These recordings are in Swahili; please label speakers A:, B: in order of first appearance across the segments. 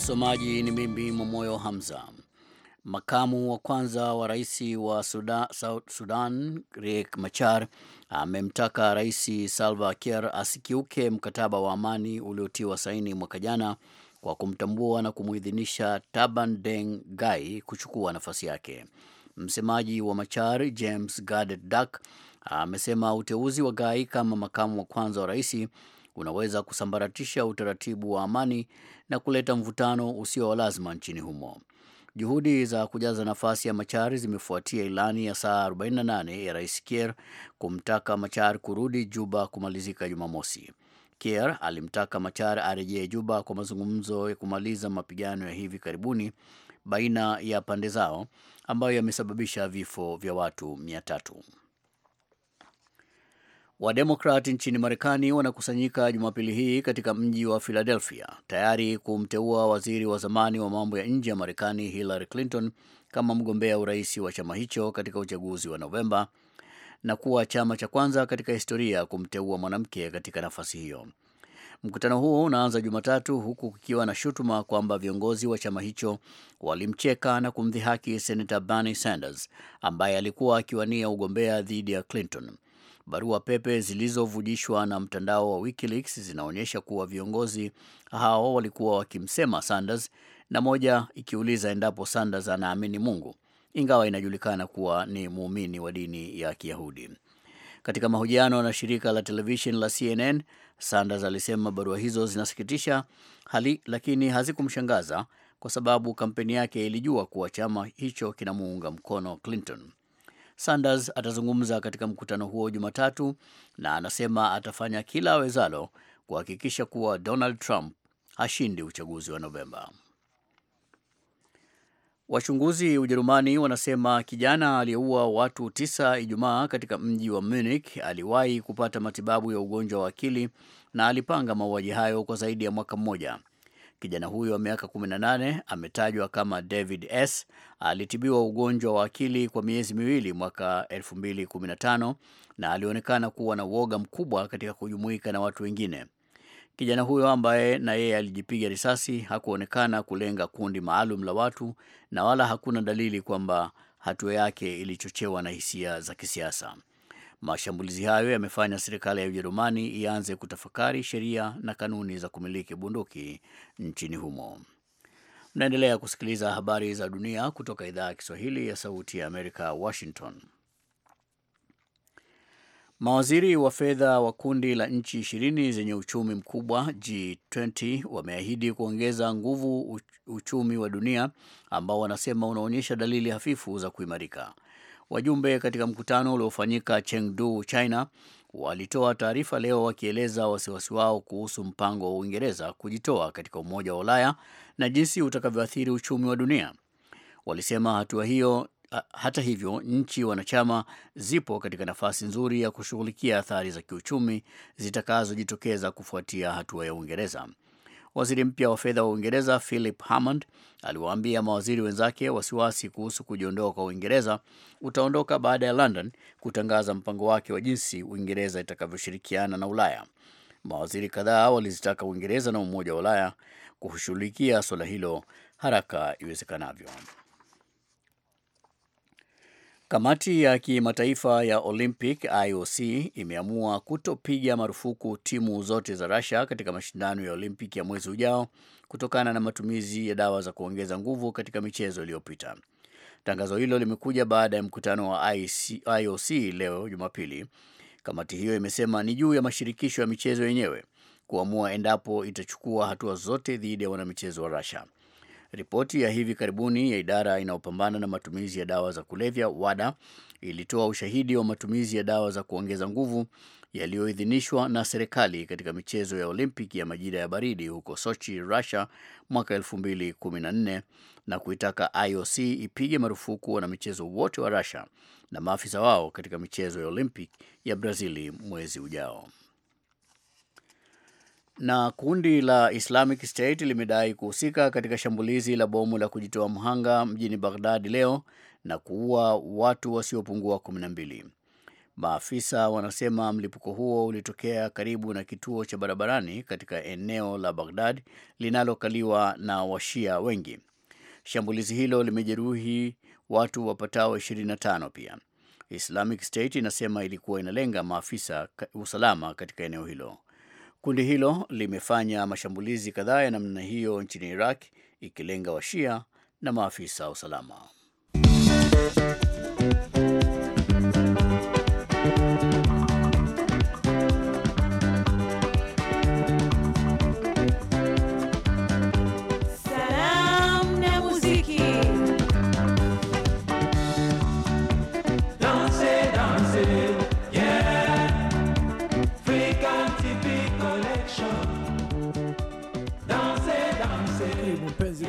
A: Msomaji ni mimi Momoyo Hamza. Makamu wa kwanza wa rais wa Sudan, South Sudan Riek Machar amemtaka Rais Salva Kiir asikiuke mkataba wa amani uliotiwa saini mwaka jana kwa kumtambua na kumuidhinisha Taban Deng Gai kuchukua nafasi yake. Msemaji wa Machar James Gadet Dak amesema uteuzi wa Gai kama makamu wa kwanza wa rais unaweza kusambaratisha utaratibu wa amani na kuleta mvutano usio wa lazima nchini humo. Juhudi za kujaza nafasi ya Machar zimefuatia ilani ya saa 48 ya Rais Kier kumtaka Machar kurudi Juba kumalizika Jumamosi. Kier alimtaka Machar arejee Juba kwa mazungumzo ya kumaliza mapigano ya hivi karibuni baina ya pande zao ambayo yamesababisha vifo vya watu mia tatu. Wademokrat nchini Marekani wanakusanyika Jumapili hii katika mji wa Philadelphia tayari kumteua waziri wa zamani wa mambo ya nje ya Marekani Hillary Clinton kama mgombea urais wa chama hicho katika uchaguzi wa Novemba na kuwa chama cha kwanza katika historia kumteua mwanamke katika nafasi hiyo. Mkutano huo unaanza Jumatatu huku kukiwa na shutuma kwamba viongozi wa chama hicho walimcheka na kumdhihaki Senata Bernie Sanders ambaye alikuwa akiwania ugombea dhidi ya Clinton. Barua pepe zilizovujishwa na mtandao wa WikiLeaks zinaonyesha kuwa viongozi hao walikuwa wakimsema Sanders na moja ikiuliza endapo Sanders anaamini Mungu, ingawa inajulikana kuwa ni muumini wa dini ya Kiyahudi. Katika mahojiano na shirika la televishen la CNN, Sanders alisema barua hizo zinasikitisha hali, lakini hazikumshangaza kwa sababu kampeni yake ilijua kuwa chama hicho kinamuunga mkono Clinton. Sanders atazungumza katika mkutano huo Jumatatu na anasema atafanya kila awezalo kuhakikisha kuwa Donald Trump hashindi uchaguzi wa Novemba. Wachunguzi Ujerumani wanasema kijana aliyeua watu tisa Ijumaa katika mji wa Munich aliwahi kupata matibabu ya ugonjwa wa akili na alipanga mauaji hayo kwa zaidi ya mwaka mmoja. Kijana huyo wa miaka 18 ametajwa kama David S alitibiwa ugonjwa wa akili kwa miezi miwili mwaka 2015 na alionekana kuwa na uoga mkubwa katika kujumuika na watu wengine. Kijana huyo ambaye na yeye alijipiga risasi hakuonekana kulenga kundi maalum la watu na wala hakuna dalili kwamba hatua yake ilichochewa na hisia za kisiasa. Mashambulizi hayo yamefanya serikali ya Ujerumani ianze kutafakari sheria na kanuni za kumiliki bunduki nchini humo. Mnaendelea kusikiliza habari za dunia kutoka idhaa ya Kiswahili ya Sauti ya Amerika, Washington. Mawaziri wa fedha wa kundi la nchi ishirini zenye uchumi mkubwa G20 wameahidi kuongeza nguvu uchumi wa dunia ambao wanasema unaonyesha dalili hafifu za kuimarika. Wajumbe katika mkutano uliofanyika Chengdu, China, walitoa taarifa leo wakieleza wasiwasi wao kuhusu mpango wa Uingereza kujitoa katika Umoja wa Ulaya na jinsi utakavyoathiri uchumi wa dunia. Walisema hatua hiyo hata hivyo, nchi wanachama zipo katika nafasi nzuri ya kushughulikia athari za kiuchumi zitakazojitokeza kufuatia hatua ya Uingereza. Waziri mpya wa fedha wa Uingereza Philip Hammond aliwaambia mawaziri wenzake wasiwasi kuhusu kujiondoa kwa Uingereza utaondoka baada ya London kutangaza mpango wake wa jinsi Uingereza itakavyoshirikiana na Ulaya. Mawaziri kadhaa walizitaka Uingereza na Umoja wa Ulaya kushughulikia suala hilo haraka iwezekanavyo. Kamati ya kimataifa ya Olympic IOC imeamua kutopiga marufuku timu zote za Russia katika mashindano ya Olympic ya mwezi ujao kutokana na matumizi ya dawa za kuongeza nguvu katika michezo iliyopita. Tangazo hilo limekuja baada ya mkutano wa IOC leo Jumapili. Kamati hiyo imesema ni juu ya mashirikisho ya michezo yenyewe kuamua endapo itachukua hatua zote dhidi ya wanamichezo wa Russia. Ripoti ya hivi karibuni ya idara inayopambana na matumizi ya dawa za kulevya WADA ilitoa ushahidi wa matumizi ya dawa za kuongeza nguvu yaliyoidhinishwa na serikali katika michezo ya Olimpiki ya majira ya baridi huko Sochi, Russia mwaka 2014 na kuitaka IOC ipige marufuku wanamichezo wote wa Russia na maafisa wao katika michezo ya Olimpiki ya Brazili mwezi ujao. Na kundi la Islamic State limedai kuhusika katika shambulizi la bomu la kujitoa mhanga mjini Baghdad leo na kuua watu wasiopungua 12. Maafisa wanasema mlipuko huo ulitokea karibu na kituo cha barabarani katika eneo la Baghdad linalokaliwa na Washia wengi. Shambulizi hilo limejeruhi watu wapatao 25 pia. Islamic State inasema ilikuwa inalenga maafisa usalama katika eneo hilo. Kundi hilo limefanya mashambulizi kadhaa ya namna hiyo nchini Iraq ikilenga washia na maafisa wa usalama.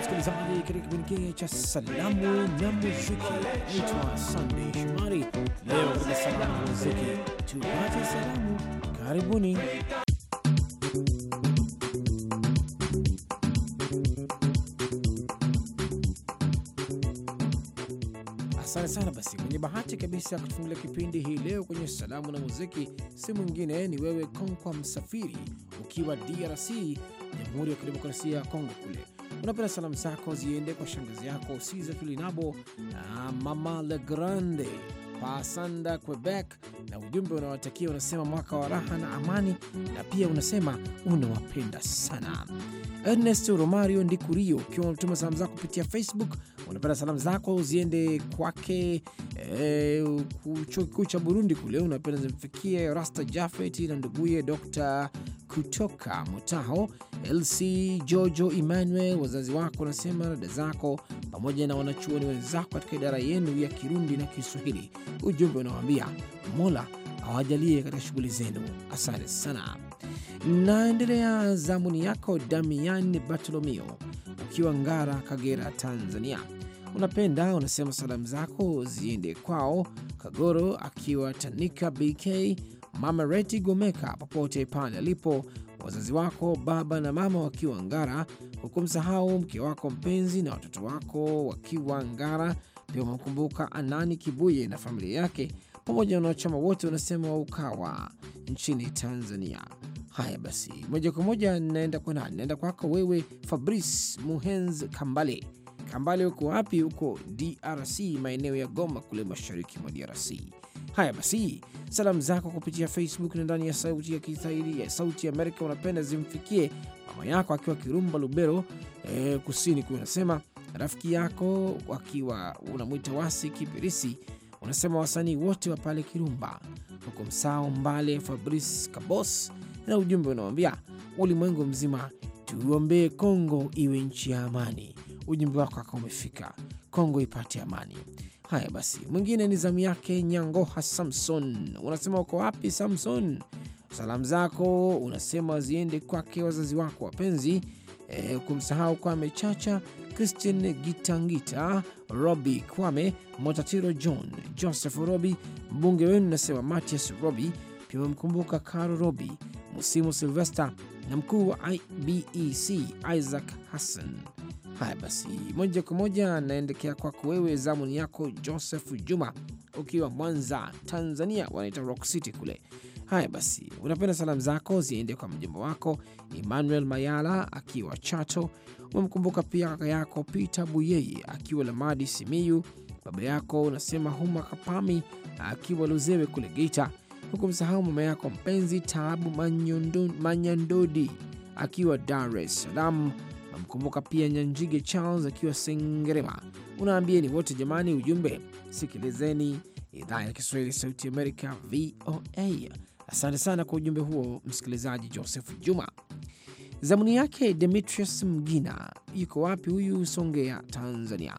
B: msikilizaji, katika kipindi kile cha salamu na muziki. Naitwa Sunday Shomari, leo katika salamu na muziki tupate salamu. Karibuni. Asante sana. Basi kwenye bahati kabisa ya kutufungulia kipindi hii leo kwenye salamu na muziki si mwingine ni wewe Konkwa Msafiri, ukiwa DRC, Jamhuri ya Kidemokrasia ya Kongo kule Unapenda salamu zako ziende kwa shangazi yako Siza Tulinabo na mama Legrande Pasanda Quebec, na ujumbe unawatakia unasema mwaka wa raha na amani, na pia unasema unawapenda sana. Ernest Romario Ndikurio, ukiwa unatuma salamu zako kupitia Facebook, unapenda salamu zako ziende kwake eh, chuo kikuu cha Burundi kule, unapenda zimfikie Rasta Jafet na nduguye Dr kutoka Mutaho, LC Jojo Emmanuel, wazazi wako unasema dada zako pamoja na wanachuoni wenzako katika idara yenu ya Kirundi na Kiswahili ujumbe unawaambia Mola awajalie katika shughuli zenu. Asante sana. Naendelea zamuni yako Damian Bartolomeo ukiwa Ngara, Kagera, Tanzania. Unapenda unasema salamu zako ziende kwao Kagoro akiwa Tanika, BK mama Reti Gomeka popote pale alipo, wazazi wako baba na mama wakiwa Ngara, hukumsahau mke wako mpenzi na watoto wako wakiwa Ngara pia wamekumbuka Anani Kibuye na familia yake pamoja na wanachama wote wanasema wa Ukawa nchini Tanzania. Haya basi, moja kwa moja naenda kwa nani? Naenda kwako wewe Fabrice Muhenz Kambale. Kambale, uko wapi? Huko DRC, maeneo ya Goma kule mashariki mwa DRC. Haya basi, salamu zako kupitia Facebook na ndani ya sauti ya Kiswahili ya Sauti Amerika unapenda zimfikie mama yako akiwa Kirumba, Lubero eh, kusini kuu, anasema Rafiki yako wakiwa unamwita Wasi Kibirisi unasema wasanii wote wa pale Kirumba huko Msao, Mbale, Fabrice Kabos, na ujumbe unawambia ulimwengu mzima tuombee Kongo iwe nchi ya amani. Ujumbe wako akawa umefika, Kongo ipate amani. Haya basi, mwingine ni zamu yake Nyangoha Samson. Unasema uko wapi Samson? Salamu zako unasema ziende kwake wazazi wako wapenzi e, kumsahau Kwame Chacha, Christian Gitangita, Robi Kwame, Motatiro John, Joseph Robi, mbunge wenu nasema Matias Robi, pia amemkumbuka Karo Robi, Musimu Silvester na mkuu wa IBEC Isaac Hassan. Haya basi, moja kwa moja naendekea kwako wewe, zamuni yako Joseph Juma, ukiwa Mwanza, Tanzania, wanaita Rock City kule. Haya basi, unapenda salamu zako ziende kwa mjomba wako Emmanuel Mayala akiwa Chato. Umemkumbuka pia kaka yako Peter Buyeye akiwa Lamadi, Simiyu. Baba yako unasema Huma Kapami akiwa Luzewe kule Geita, huku msahau mama yako mpenzi Taabu Manyandodi akiwa Dar es Salaam namkumbuka pia Nyanjige Charles akiwa Sengerema, ni wote jamani. Ujumbe, sikilizeni idhaa ya Kiswahili Sauti Amerika, VOA. Asante sana kwa ujumbe huo msikilizaji Joseph Juma. Zamuni yake Demetrius Mgina, yuko wapi huyu? Songea, Tanzania.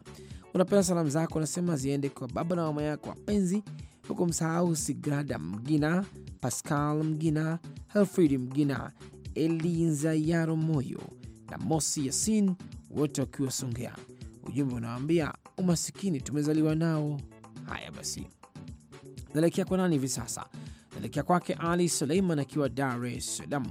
B: Unapenda salamu zako nasema ziende kwa baba na mama yako wapenzi, huku msahau Sigrada Mgina, Pascal Mgina, Helfridi Mgina, Elinza Yaro Moyo na Mosi Yasin, wote wakiwa Songea. Ujumbe unawaambia umasikini tumezaliwa nao. Haya basi, naelekea kwa nani hivi sasa? Naelekea kwake Ali Suleiman akiwa Dar es Salaam.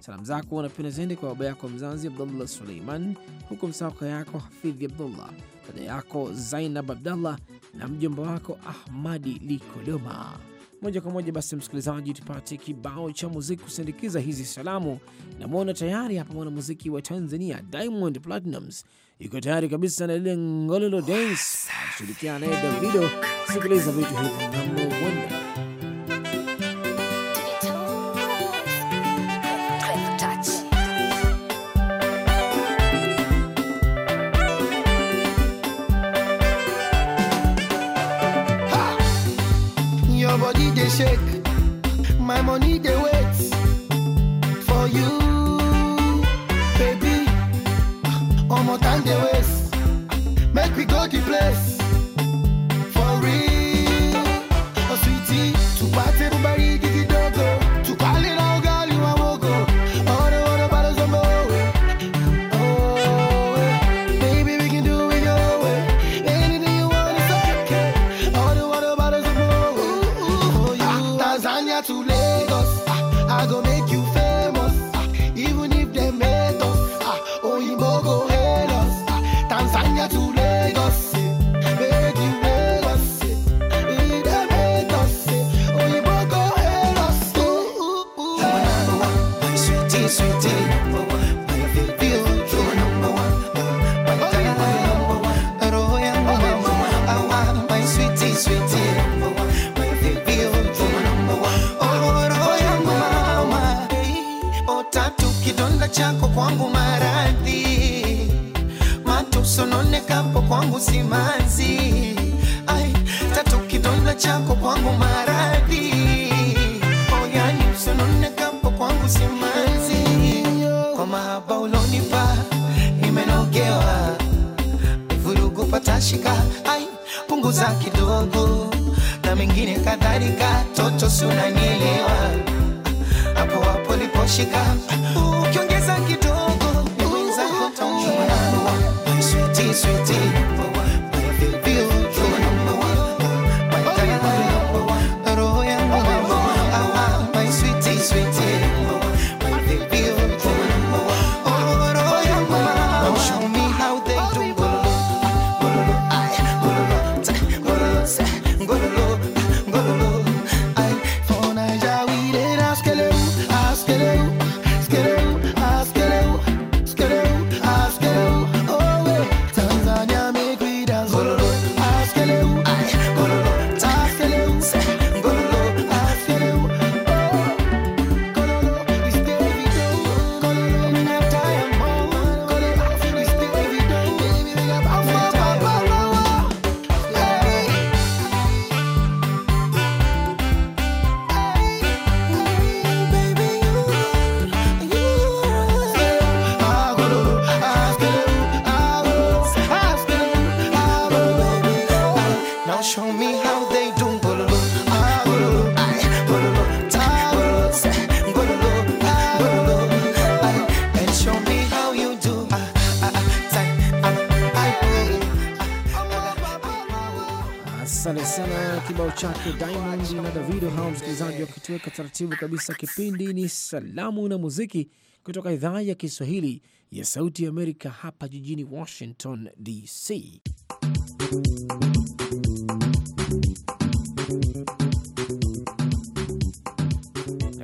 B: Salamu zako unapenda zende kwa baba yako mzazi Abdullah Suleiman, huku msawaka yako Hafidhi Abdullah, dada yako Zainab Abdallah na mjomba wako Ahmadi Likodoma moja kwa moja. Basi msikilizaji, tupate kibao cha muziki kusindikiza hizi salamu. Namwona tayari hapa mwanamuziki wa Tanzania Diamond Platnumz iko tayari kabisa na lile ngololo dance, akishirikiana naye Davido. Sikiliza vitu one
C: money they wait for you, baby. One more time they wait. chako kwangu maradhi, matusononekapo kwangu simanzi. Ai, tatu kidonda chako kwangu maradhi, oyani usononekapo kwangu simanzi. Kwa mahaba ulonipa nimenogewa, vurugu patashika. Ai, punguza kidogo na mengine kadhalika, toto si unanielewa kushika ukiongeza kidogo mwenzako taumwa. Sweetie, sweetie
B: Asante sana, kibao chake Diamond na Davido. Hawa msikilizaji wakituweka taratibu kabisa. Kipindi ni salamu na muziki kutoka idhaa ya Kiswahili ya Sauti ya Amerika hapa jijini Washington DC.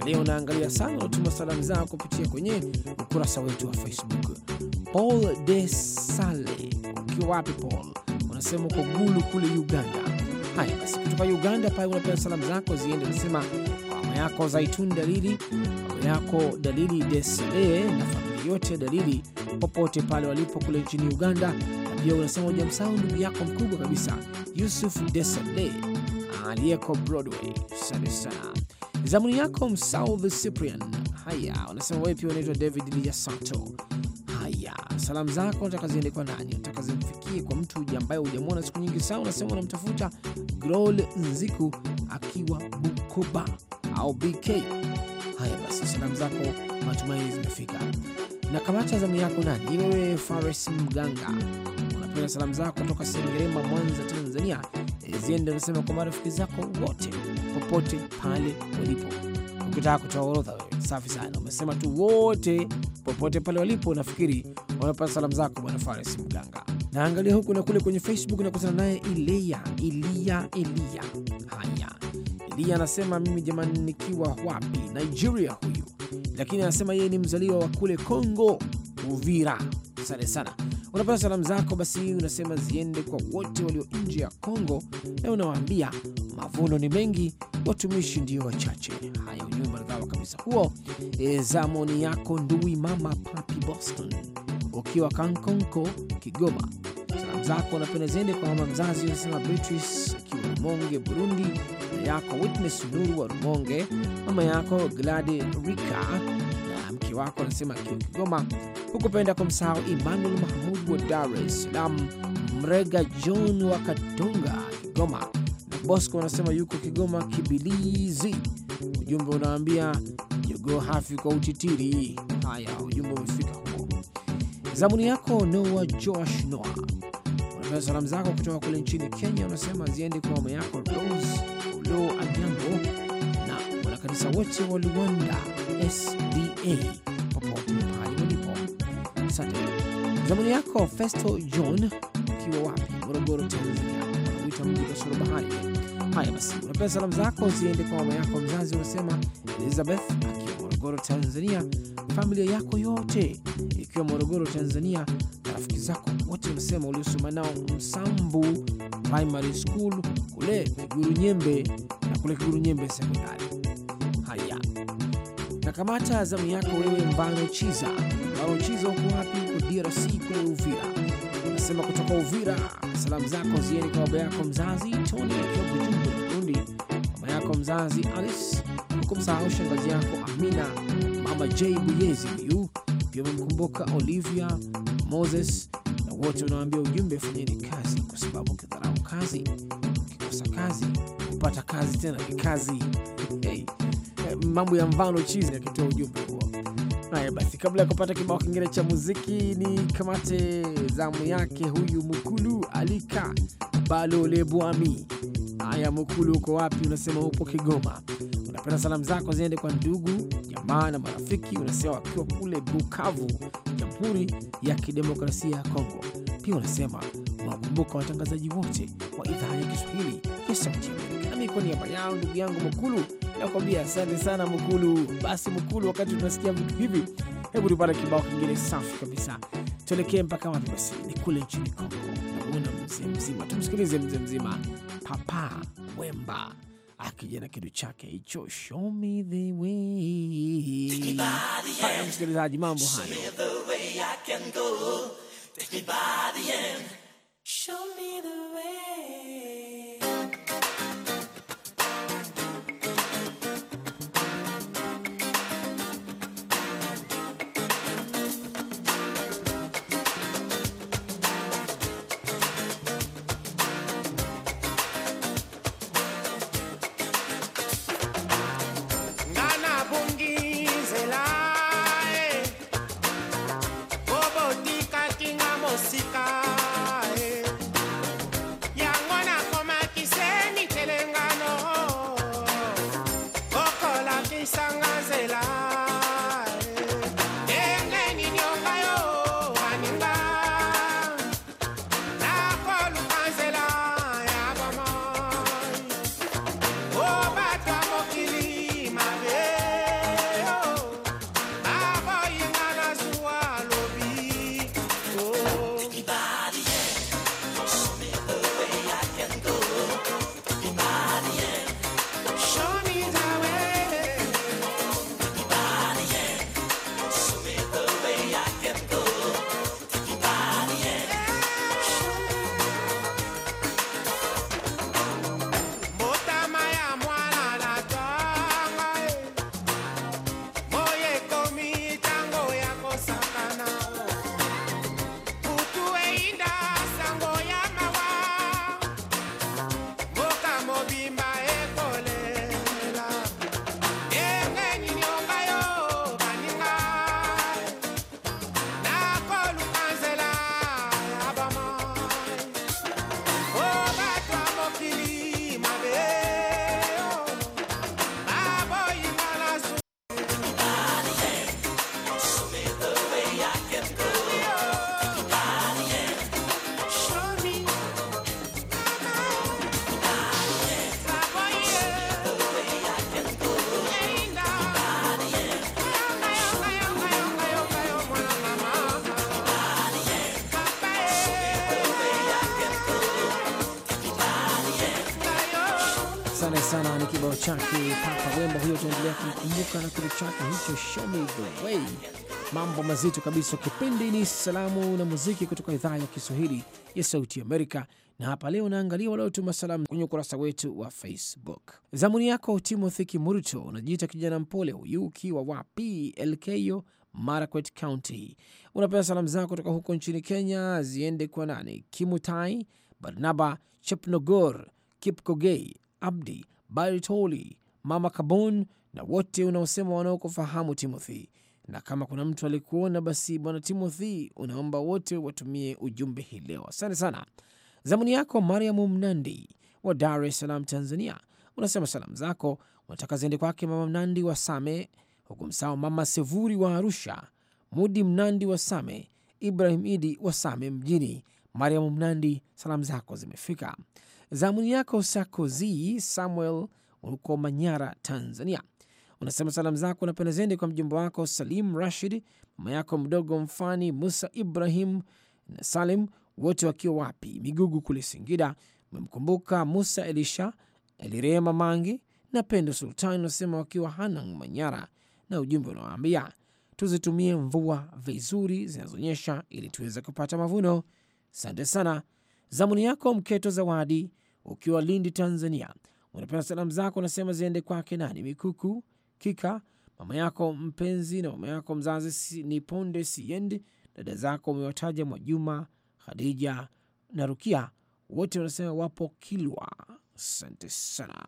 B: leo naangalia sana utuma salamu zao kupitia kwenye ukurasa wetu wa Facebook. Paul de Sale, ukiwa wapi Paul? Unasema uko Gulu kule Uganda Haya basi, kutoka Uganda pale unapewa salamu zako ziende, unasema mama yako Zaitun Dalili, mama yako Dalili Desale na familia yote ya Dalili popote pale walipo kule nchini Uganda. Na pia unasema hujamsahau ndugu yako mkubwa kabisa Yusuf Desale aliyeko Broadway. Asante sana. Zamuni yako Msauvi Cyprian. Haya, unasema wewe pia unaitwa David Liasanto. Haya, salamu zako utakaziendekwa nani? zimfikie kwa mtu ambaye hujamwona siku nyingi sana, unasema unamtafuta. Grol Nziku akiwa Bukoba au BK. Haya basi, salamu zako matumaini zimefika na kamata zamu yako. Nani wewe? Fares Mganga, unapenda salamu zako toka Sengerema, Mwanza, Tanzania ziende unasema kwa marafiki zako wote popote pale walipo. Ukitaka kutoa orodha, wewe safi sana, umesema tu wote popote pale walipo, nafikiri wamepata salamu zako bwana Fares Mganga. Naangalia huku na kule kwenye Facebook na kutana naye Ilia Ilia Ilia. Haya, Ilia anasema mimi jamani, nikiwa wapi Nigeria huyu, lakini anasema yeye ni mzaliwa wa kule congo Uvira. Asante sana unapata salamu zako, basi unasema ziende kwa wote walio nje ya Kongo na unawaambia mavuno ni mengi, watumishi ndio wachache. Haya, ujumbe maridhawa kabisa huo. E, zamoni yako ndui mama Papi Boston ukiwa Kankonko, Kigoma. Salamu zako unapenda ziende kwa mama mzazi, unasema Beatrice akiwa Rumonge, Burundi, yako Witness Nuru wa Rumonge, mama yako Gladi Rika wako anasema akiwa Kigoma, hukupenda kumsahau Emmanuel Mahmud wa Dar es Salaam, Mrega John wa Katonga Kigoma na Bosco anasema yuko Kigoma Kibilizi. Ujumbe unaambia jogo hafi kwa utitiri. Haya, ujumbe umefika huko. Zamuni yako Noa Josh Noa unapea salamu zako kutoka kule nchini Kenya, unasema ziende kwa mama yako Rose Ulo Anyango na wanakanisa wote wa Luanda SDA Asante. Zamuni yako Festo John ukiwa wapi Morogoro, Tanzania, wita mji wa bahari. Haya basi, unapea salamu zako ziende kwa mama yako mzazi, unasema Elizabeth akiwa Morogoro, Tanzania, familia yako yote ikiwa Morogoro, Tanzania, na rafiki zako wote, unasema uliosoma nao Msambu Primary School kule Kiguru Nyembe na kule Kiguru Nyembe Sekondari. Haya, na kamata zamu yako wewe Mbano Chiza Maruchizo uko wapi? Uko DRC kule Uvira. Anasema kutoka Uvira, salamu zako zieni kwa baba yako mzazi Tony akiwa Bujumbura, Burundi, mama yako mzazi Alice, huku msahau shangazi yako Amina, mama J Buyezi huyu pia amemkumbuka Olivia Moses na wote unawaambia ujumbe, fanyeni kazi, kwa sababu kidharau kazi, kikosa kazi, kupata kazi tena ni kazi. Hey, eh, mambo ya mvano chizi akitoa ujumbe huo Haya basi, kabla ya kupata kibao kingine cha muziki, ni kamate zamu yake huyu Mukulu Alika Balole Bwami. Haya Mukulu, uko wapi? Unasema upo Kigoma, unapenda salamu zako ziende kwa ndugu jamaa na marafiki, unasema wakiwa kule Bukavu, Jamhuri ya Kidemokrasia ya Kongo. Pia unasema unawakumbuka watangazaji wote wa idhaa ya Kiswahili ya Sauti Amerika. Nami kwa niaba yao ndugu yangu Mukulu nakwambia asante sana Mkulu. Basi Mkulu, wakati tunasikia vitu hivi, hebu tupate kibao kingine safi kabisa. Tuelekee mpaka wapi? Basi ni kule nchini Kongo, naona mzee mzima. Tumsikilize mzee mzima Papa Wemba akija na kitu chake hicho, show me the way. Haya msikilizaji, mambo hayo. kibao chake Papa Wemba huyo, tunaendelea kukumbuka na kile chake hicho show me the way, mambo mazito kabisa. Kipindi ni salamu na muziki kutoka idhaa ya Kiswahili ya Sauti Amerika, na hapa leo naangalia waliotuma salamu kwenye ukurasa wetu wa Facebook. Zamuni yako Timothy Kimurto, unajiita kijana mpole huyu, ukiwa wapi Elkeyo, Marakwet County. Unapenda salamu zako kutoka huko nchini Kenya ziende kwa nani? Kimutai Barnaba Chepnogor, Kipkogei Abdi Bartoli, Mama Kabon na wote unaosema wanaokufahamu Timothy. Na kama kuna mtu alikuona, basi bwana Timothy, unaomba wote watumie ujumbe hii leo. Asante sana. Zamuni yako Mariamu Mnandi wa Dar es Salaam, Tanzania, unasema salamu zako unataka ziende kwake Mama Mnandi wa Same, huku msao Mama Sevuri wa Arusha, Mudi Mnandi wa Same, Ibrahim Idi wa Same mjini. Mariamu Mnandi, salamu zako zimefika. Zamuni yako Sakozi Samuel, uko Manyara, Tanzania, unasema salamu zako unapenda zende kwa mjumbe wako Salim Rashid, mama yako mdogo Mfani Musa Ibrahim na Salim, wote wakiwa wapi Migugu kule Singida. Umemkumbuka Musa Elisha, Elirema Mangi na Pendo Sultani, unasema wakiwa Hanang, Manyara, na ujumbe unawaambia tuzitumie mvua vizuri zinazonyesha ili tuweze kupata mavuno. Asante sana. Zamuni yako Mketo Zawadi ukiwa Lindi, Tanzania, unapenda salamu zako unasema ziende kwake nani? Mikuku Kika, mama yako mpenzi na mama yako mzazi ni Ponde Siendi, dada zako umewataja Mwajuma, hadija na Rukia, wote wanasema wapo Kilwa. Asante sana.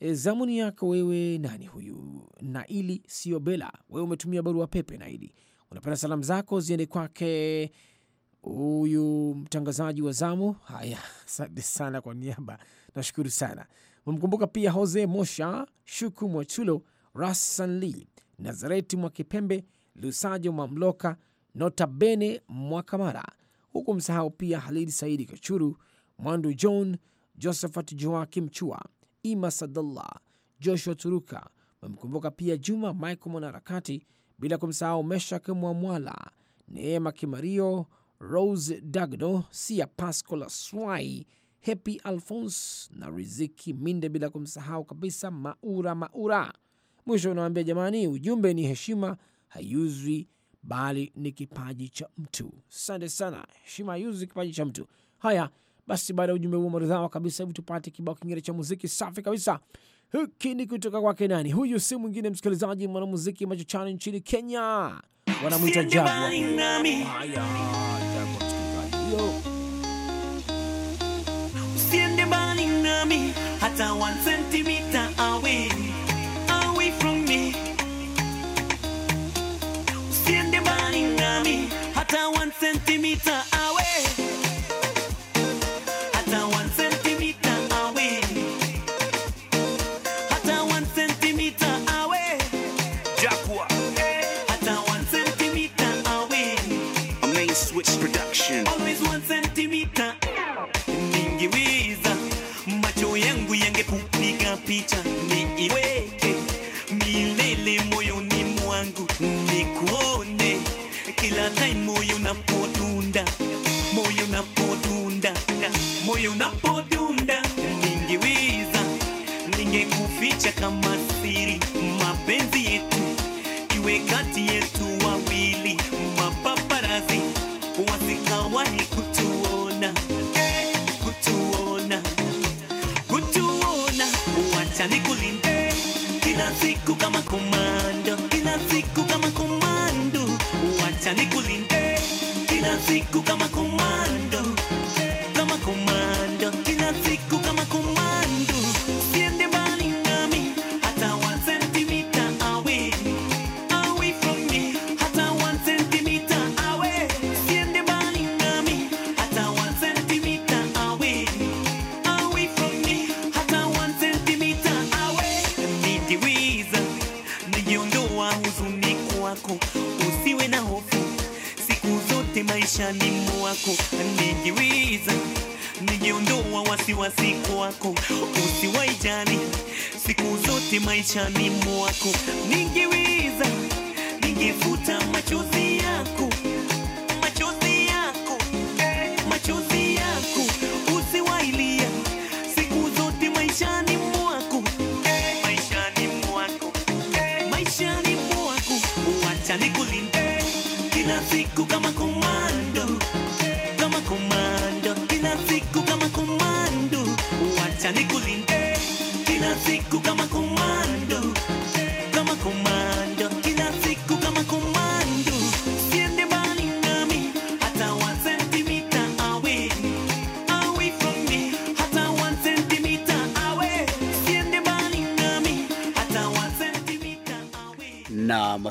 B: E, zamuni yako wewe nani huyu? Naili Siobela, wewe umetumia barua pepe Naili, unapenda salamu zako ziende kwake huyu mtangazaji wa zamu. Haya, asante sana kwa niaba, nashukuru sana. Memkumbuka pia Jose Mosha, Shuku Mwachulo, Rasanli, Nazareti Mwakipembe, Lusajo Mamloka, Notabene Mwakamara, huku msahau pia Halid Saidi Kachuru, Mwandu John, Josephat Joakim Chua, Ima Sadallah, Joshua Turuka. Memkumbuka pia Juma Michael mwanaharakati, bila kumsahau Meshak Mwamwala, Neema Kimario Rose Dagdo, Sia Pascola Swai, Happy Alphonse na Riziki Minde, bila kumsahau kabisa Maura Maura. Mwisho unawambia jamani, ujumbe ni heshima haiuzwi, bali ni kipaji cha mtu. Asante sana, heshima haiuzwi, kipaji cha mtu. Haya basi, baada ya ujumbe huo maridhawa kabisa, hebu tupate kibao kingine cha muziki safi kabisa. Hiki ni kutoka kwake nani? Huyu si mwingine msikilizaji, mwanamuziki machochani nchini Kenya, wanamwita Jabwa. Haya. burning
D: Usiende me, at a one centimeter away away from me. Usiende mbali nami hata one centimeter yangu yangepupiga picha ni iweke milele moyoni mwangu nikuone kila time moyo napodunda moyo napodunda moyo napodunda ningeweza ningekuficha kama com mais. usiwa siku wako, usiwaijali siku zote maishani mwako. ningiwiza ningifuta machozi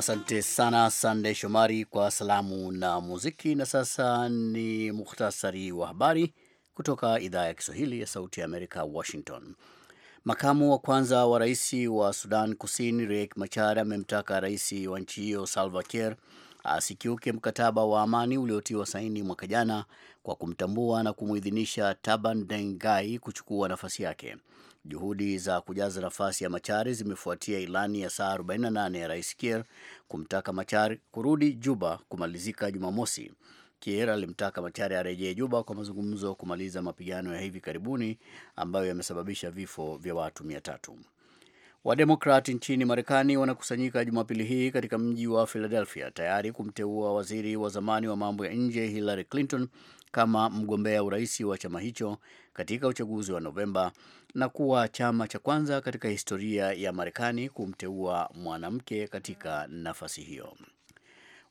A: Asante sana Sande Shomari kwa salamu na muziki. Na sasa ni mukhtasari wa habari kutoka idhaa ya Kiswahili ya Sauti ya Amerika, Washington. Makamu wa kwanza wa rais wa Sudan Kusini Riek Machar amemtaka rais wa nchi hiyo Salva Kiir asikiuke mkataba wa amani uliotiwa saini mwaka jana kwa kumtambua na kumwidhinisha Taban Dengai kuchukua nafasi yake. Juhudi za kujaza nafasi ya Machari zimefuatia ilani ya saa 48 ya Rais Kiir kumtaka Machari kurudi Juba kumalizika Jumamosi. Kiir alimtaka Machari arejee Juba kwa mazungumzo kumaliza mapigano ya hivi karibuni ambayo yamesababisha vifo vya watu mia tatu. Wademokrati nchini Marekani wanakusanyika Jumapili hii katika mji wa Philadelphia tayari kumteua waziri wa zamani wa mambo ya nje Hillary Clinton kama mgombea urais wa chama hicho katika uchaguzi wa Novemba na kuwa chama cha kwanza katika historia ya Marekani kumteua mwanamke katika nafasi hiyo.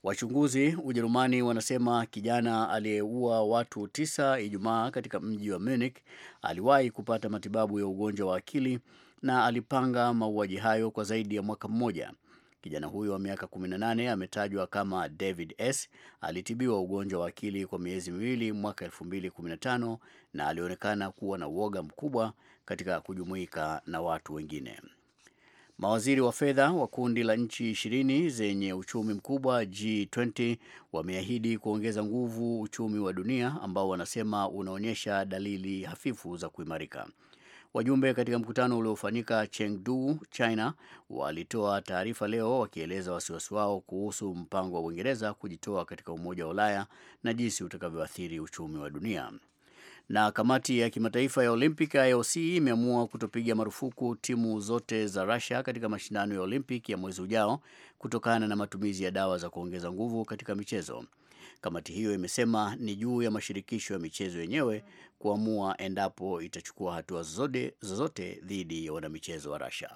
A: Wachunguzi Ujerumani wanasema kijana aliyeua watu tisa Ijumaa katika mji wa Munich aliwahi kupata matibabu ya ugonjwa wa akili na alipanga mauaji hayo kwa zaidi ya mwaka mmoja Kijana huyo wa miaka 18 ametajwa kama David S alitibiwa ugonjwa wa akili kwa miezi miwili mwaka 2015 na alionekana kuwa na uoga mkubwa katika kujumuika na watu wengine. Mawaziri wa fedha wa kundi la nchi ishirini zenye uchumi mkubwa G20 wameahidi kuongeza nguvu uchumi wa dunia ambao wanasema unaonyesha dalili hafifu za kuimarika. Wajumbe katika mkutano uliofanyika Chengdu, China, walitoa taarifa leo wakieleza wasiwasi wao kuhusu mpango wa Uingereza kujitoa katika Umoja wa Ulaya na jinsi utakavyoathiri uchumi wa dunia. Na kamati ya kimataifa ya Olympic IOC imeamua kutopiga marufuku timu zote za Russia katika mashindano ya Olympic ya mwezi ujao kutokana na matumizi ya dawa za kuongeza nguvu katika michezo. Kamati hiyo imesema ni juu ya mashirikisho ya michezo yenyewe kuamua endapo itachukua hatua zozote dhidi ya wanamichezo wa Russia.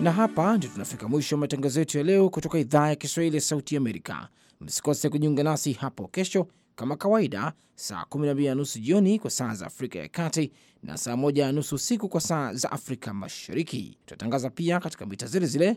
B: Na hapa ndio tunafika mwisho wa matangazo yetu ya leo kutoka idhaa ya Kiswahili ya Sauti Amerika. Msikose kujiunga nasi hapo kesho kama kawaida, saa 12 na nusu jioni kwa saa za Afrika ya Kati na saa 1 na nusu usiku kwa saa za Afrika Mashariki. Tutatangaza pia katika mita zile zile